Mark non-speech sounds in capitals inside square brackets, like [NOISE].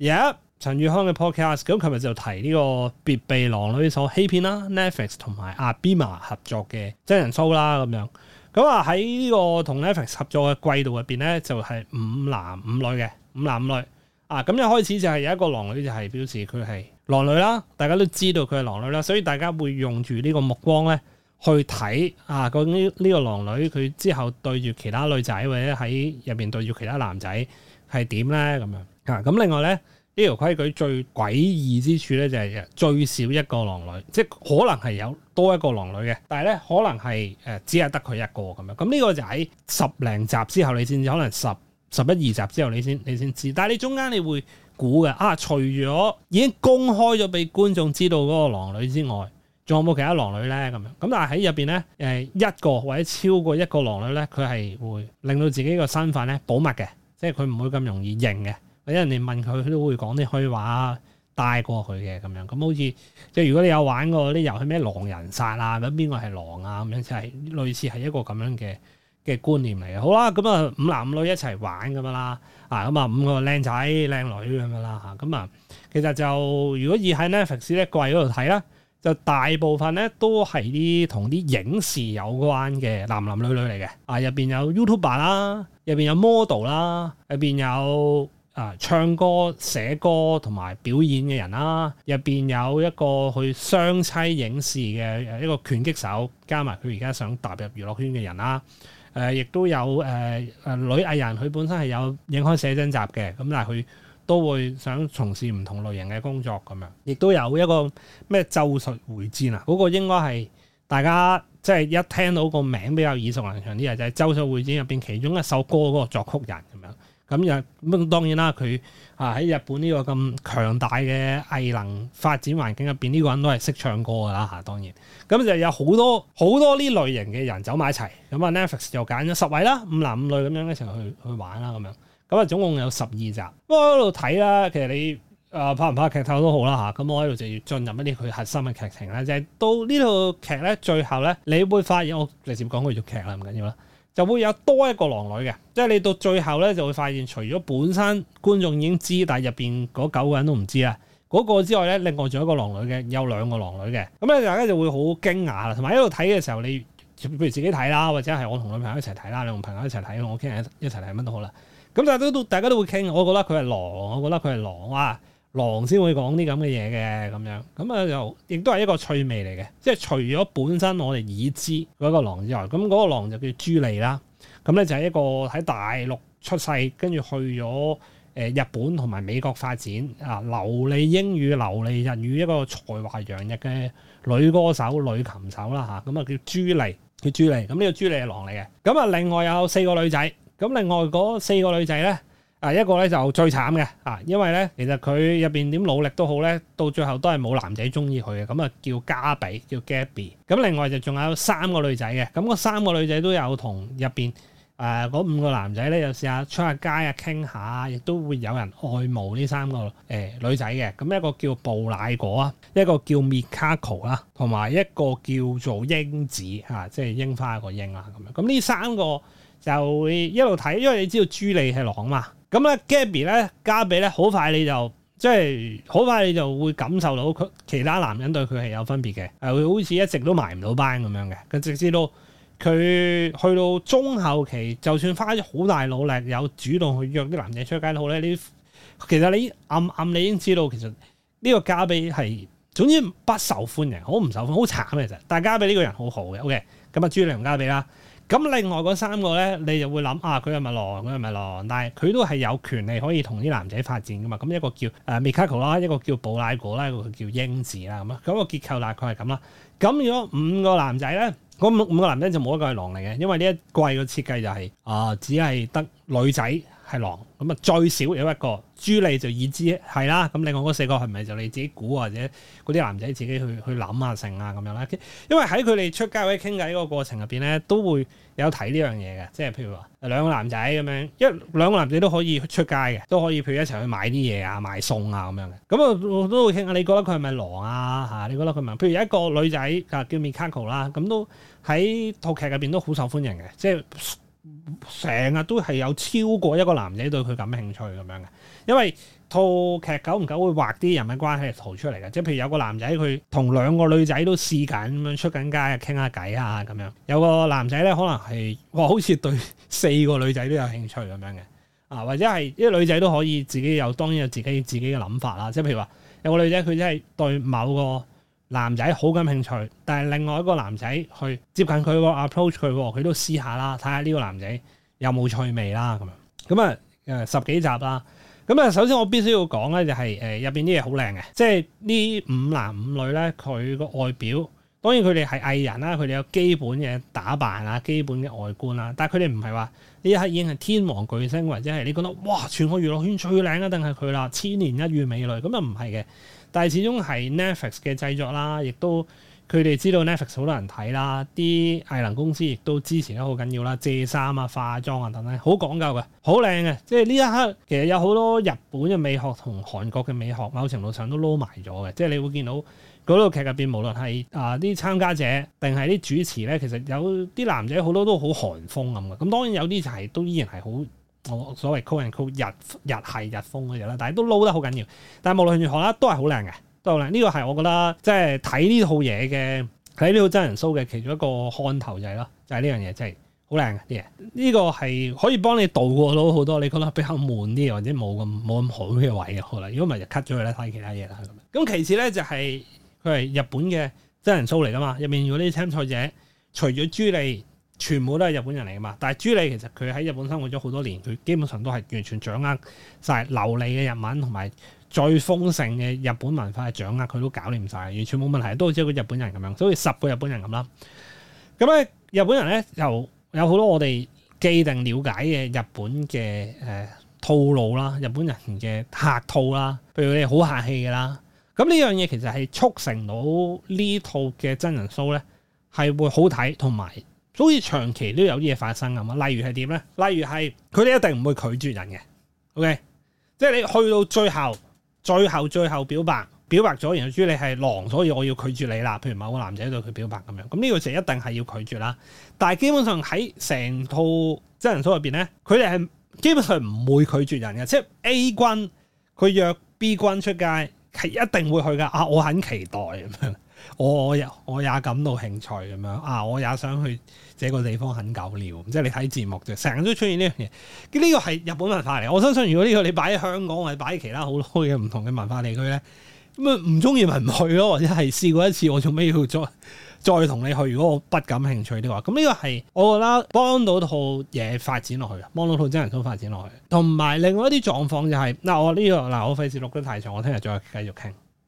而家陳宇康嘅 podcast 咁，琴日就提呢個別被狼女所欺騙啦，Netflix 同埋阿 Bema 合作嘅真人 show 啦咁樣。咁啊喺呢個同 Netflix 合作嘅季度入邊咧，就係五男五女嘅，五男五女。啊，咁一開始就係有一個狼女就係表示佢係狼女啦，大家都知道佢係狼女啦，所以大家會用住呢個目光咧去睇啊，究竟呢個狼女佢之後對住其他女仔或者喺入邊對住其他男仔係點咧咁樣。啊！咁另外咧，呢條規矩最詭異之處咧，就係最少一個狼女，即係可能係有多一個狼女嘅，但係咧可能係誒只係得佢一個咁樣。咁呢個就喺十零集之後，你先至可能十十一二集之後你，你先你先知。但係你中間你會估嘅啊，除咗已經公開咗俾觀眾知道嗰個狼女之外，仲有冇其他狼女咧？咁樣咁，但係喺入邊咧誒一個或者超過一個狼女咧，佢係會令到自己個身份咧保密嘅，即係佢唔會咁容易認嘅。或者人哋問佢，佢都會講啲虛話帶過去嘅咁樣。咁好似即係如果你有玩過啲遊戲咩狼人殺啊，咁邊個係狼啊咁樣，就係類似係一個咁樣嘅嘅觀念嚟嘅。好啦，咁啊五男五女一齊玩咁樣啦，啊咁啊五個靚仔靚女咁樣啦嚇。咁啊其實就如果以喺 Netflix 呢個櫃嗰度睇啦，就大部分咧都係啲同啲影視有關嘅男男女女嚟嘅。啊入邊有 YouTuber 啦，入邊有 model 啦，入邊有。啊，唱歌、寫歌同埋表演嘅人啦、啊，入邊有一個去雙妻影視嘅一個拳擊手，加埋佢而家想踏入娛樂圈嘅人啦、啊。誒、啊，亦都有誒誒、呃呃、女藝人，佢本身係有影開寫真集嘅，咁但係佢都會想從事唔同類型嘅工作咁樣。亦都有一個咩咒術迴戰啊？嗰、那個應該係大家即係一聽到個名比較耳熟能詳啲嘅，就係、是、咒術迴戰入邊其中一首歌嗰個作曲人咁樣。咁日咁當然啦，佢啊喺日本呢個咁強大嘅藝能發展環境入邊，呢個人都係識唱歌㗎啦嚇。當然，咁就有好多好多呢類型嘅人走埋一齊。咁啊，Netflix 就揀咗十位啦，五男五女咁樣一齊去去玩啦咁樣。咁啊，總共有十二集。不過喺度睇啦，其實你啊拍唔拍劇透都好啦嚇。咁我喺度就要進入一啲佢核心嘅劇情啦。就係、是、到呢套劇咧最後咧，你會發現我直接講嗰條劇啦，唔緊要啦。就會有多一個狼女嘅，即係你到最後咧就會發現，除咗本身觀眾已經知，但係入邊嗰九個人都唔知啊嗰個之外咧，另外仲有一個狼女嘅，有兩個狼女嘅，咁咧大家就會好驚訝啦，同埋一度睇嘅時候，你譬如自己睇啦，或者係我同女朋友一齊睇啦，你同朋友一齊睇，我傾一一齊睇乜都好啦，咁但係都大家都會傾，我覺得佢係狼，我覺得佢係狼啊，哇！狼先會講啲咁嘅嘢嘅咁樣，咁啊又亦都係一個趣味嚟嘅，即係除咗本身我哋已知嗰個狼之外，咁、那、嗰個狼就叫朱莉啦。咁咧就係一個喺大陸出世，跟住去咗誒、呃、日本同埋美國發展啊，流利英語、流利日語，一個才華洋溢嘅女歌手、女琴手啦嚇。咁啊叫朱莉，叫朱莉。咁呢個朱莉係狼嚟嘅。咁啊另外有四個女仔，咁另外嗰四個女仔咧。啊一個咧就最慘嘅啊，因為咧其實佢入邊點努力都好咧，到最後都係冇男仔中意佢嘅，咁啊叫加比，叫 Gabby。咁另外就仲有三個女仔嘅，咁嗰三個女仔都有同入邊誒嗰五個男仔咧，有試下出下街啊，傾下，亦都會有人愛慕呢三個誒、欸、女仔嘅，咁一個叫布乃果啊，一個叫 Mikako 啦，同埋一個叫做英子嚇、啊，即係櫻花一個英啦咁樣，咁呢三個就會一路睇，因為你知道朱莉係狼嘛。咁咧，Gabby 咧，加比咧，好快你就即係，好、即係、快你就會感受到佢其他男人對佢係有分別嘅，係、呃、會好似一直都埋唔到班咁樣嘅。佢直至到佢去到中後期，就算花咗好大努力，有主動去約啲男仔出街都好咧。呢，其實你暗暗你已經知道，其實呢個加比係總之不受歡迎，好唔受歡迎，好慘其實。但加比呢個人好好嘅，OK。咁啊，朱麗加比啦。咁另外嗰三個咧，你就會諗啊，佢係咪狼？佢係咪狼？但係佢都係有權利可以同啲男仔發展噶嘛？咁一個叫誒、呃、米卡可啦，一個叫布拉果啦，一個叫英子啦咁啊。咁個結構大概係咁啦。咁如果五個男仔咧，嗰五五個男仔就冇一個係狼嚟嘅，因為呢一季嘅設計就係、是、啊、呃，只係得女仔，係狼咁啊！最少有一個朱莉就已知係啦。咁另外嗰四個係咪就你自己估，或者嗰啲男仔自己去去諗啊成啊咁樣啦，因為喺佢哋出街或者傾偈嗰個過程入邊咧，都會有睇呢樣嘢嘅。即係譬如話兩個男仔咁樣，一兩個男仔都可以出街嘅，都可以譬如一齊去買啲嘢啊、買餸啊咁樣嘅。咁啊，都會傾下。你覺得佢係咪狼啊？嚇！你覺得佢問？譬如有一個女仔啊，叫 Mikako 啦、啊，咁都喺套劇入邊都好受歡迎嘅，即係。成日都係有超過一個男仔對佢感興趣咁樣嘅，因為套劇久唔久會畫啲人物關係圖出嚟嘅，即係譬如有個男仔佢同兩個女仔都試緊咁樣出緊街傾下偈啊咁樣，有個男仔咧可能係哇好似對四個女仔都有興趣咁樣嘅啊，或者係啲女仔都可以自己有當然有自己自己嘅諗法啦，即係譬如話有個女仔佢真係對某個。男仔好感興趣，但係另外一個男仔去接近佢，approach 佢，佢都試下啦，睇下呢個男仔有冇趣味啦，咁樣咁啊，誒十幾集啦，咁啊，首先我必須要講咧、就是，就係誒入邊啲嘢好靚嘅，即係呢五男五女咧，佢個外表，當然佢哋係藝人啦，佢哋有基本嘅打扮啊，基本嘅外觀啦，但係佢哋唔係話呢一刻已經係天王巨星或者係你覺得哇，全個娛樂圈最靚一定係佢啦，千年一遇美女，咁又唔係嘅。但係始終係 Netflix 嘅製作啦，亦都佢哋知道 Netflix 好多人睇啦，啲藝能公司亦都支持得好緊要啦，借衫啊、化妝啊等等，好講究嘅，好靚嘅。即係呢一刻其實有好多日本嘅美學同韓國嘅美學某程度上都撈埋咗嘅。即係你會見到嗰、嗰個劇入邊，無論係啊啲參加者定係啲主持咧，其實有啲男仔好多都好韓風咁嘅。咁當然有啲就係都依然係好。我所謂 c o l l and c o l l 日日係日風嗰啲啦，但係都撈得好緊要。但係無論如何啦，都係好靚嘅，都好靚。呢個係我覺得即係睇呢套嘢嘅，睇呢套真人 show 嘅其中一個看頭就係、是、咯，就係呢樣嘢，真係好靚嘅啲嘢。呢個係可以幫你度過到好多你覺得比較悶啲或者冇咁冇咁好嘅位嘅好啦。如果唔係就 cut 咗佢啦，睇其他嘢啦咁。其次咧就係佢係日本嘅真人 show 嚟噶嘛。入面如果啲參賽者除咗朱莉。全部都係日本人嚟噶嘛？但係朱莉其實佢喺日本生活咗好多年，佢基本上都係完全掌握晒流利嘅日文，同埋最豐盛嘅日本文化嘅掌握，佢都搞掂晒，完全冇問題，都好似一個日本人咁樣，好似十個日本人咁啦。咁、嗯、咧，日本人咧又有好多我哋既定了解嘅日本嘅誒、呃、套路啦，日本人嘅客套啦，譬如你好客氣噶啦。咁、嗯、呢樣嘢其實係促成到呢套嘅真人 show 咧，係會好睇同埋。好似長期都有啲嘢發生咁啊！例如係點咧？例如係佢哋一定唔會拒絕人嘅。OK，即係你去到最後，最後，最後表白，表白咗然之後，你係狼，所以我要拒絕你啦。譬如某個男仔對佢表白咁樣，咁、這、呢個就一定係要拒絕啦。但係基本上喺成套真人 show 入邊咧，佢哋係基本上唔會拒絕人嘅。即係 A 軍佢約 B 軍出街，係一定會去噶。啊，我很期待咁樣。 [LAUGHS] 我也我也感到興趣咁樣啊！我也想去這個地方很久了，即係你睇節目就成日都出現呢樣嘢。呢、呢個係日本文化嚟，我相信如果呢個你擺喺香港或者擺喺其他好多嘅唔同嘅文化地區咧，咁啊唔中意咪唔去咯，或者係試過一次我，我做咩要再再同你去？如果我不感興趣的話，咁、這、呢個係我覺得幫到套嘢發展落去，幫到套真人 show 發展落去。同埋另外一啲狀況就係、是、嗱、啊，我呢、呢個嗱、啊，我費事錄得太長，我聽日再繼續傾。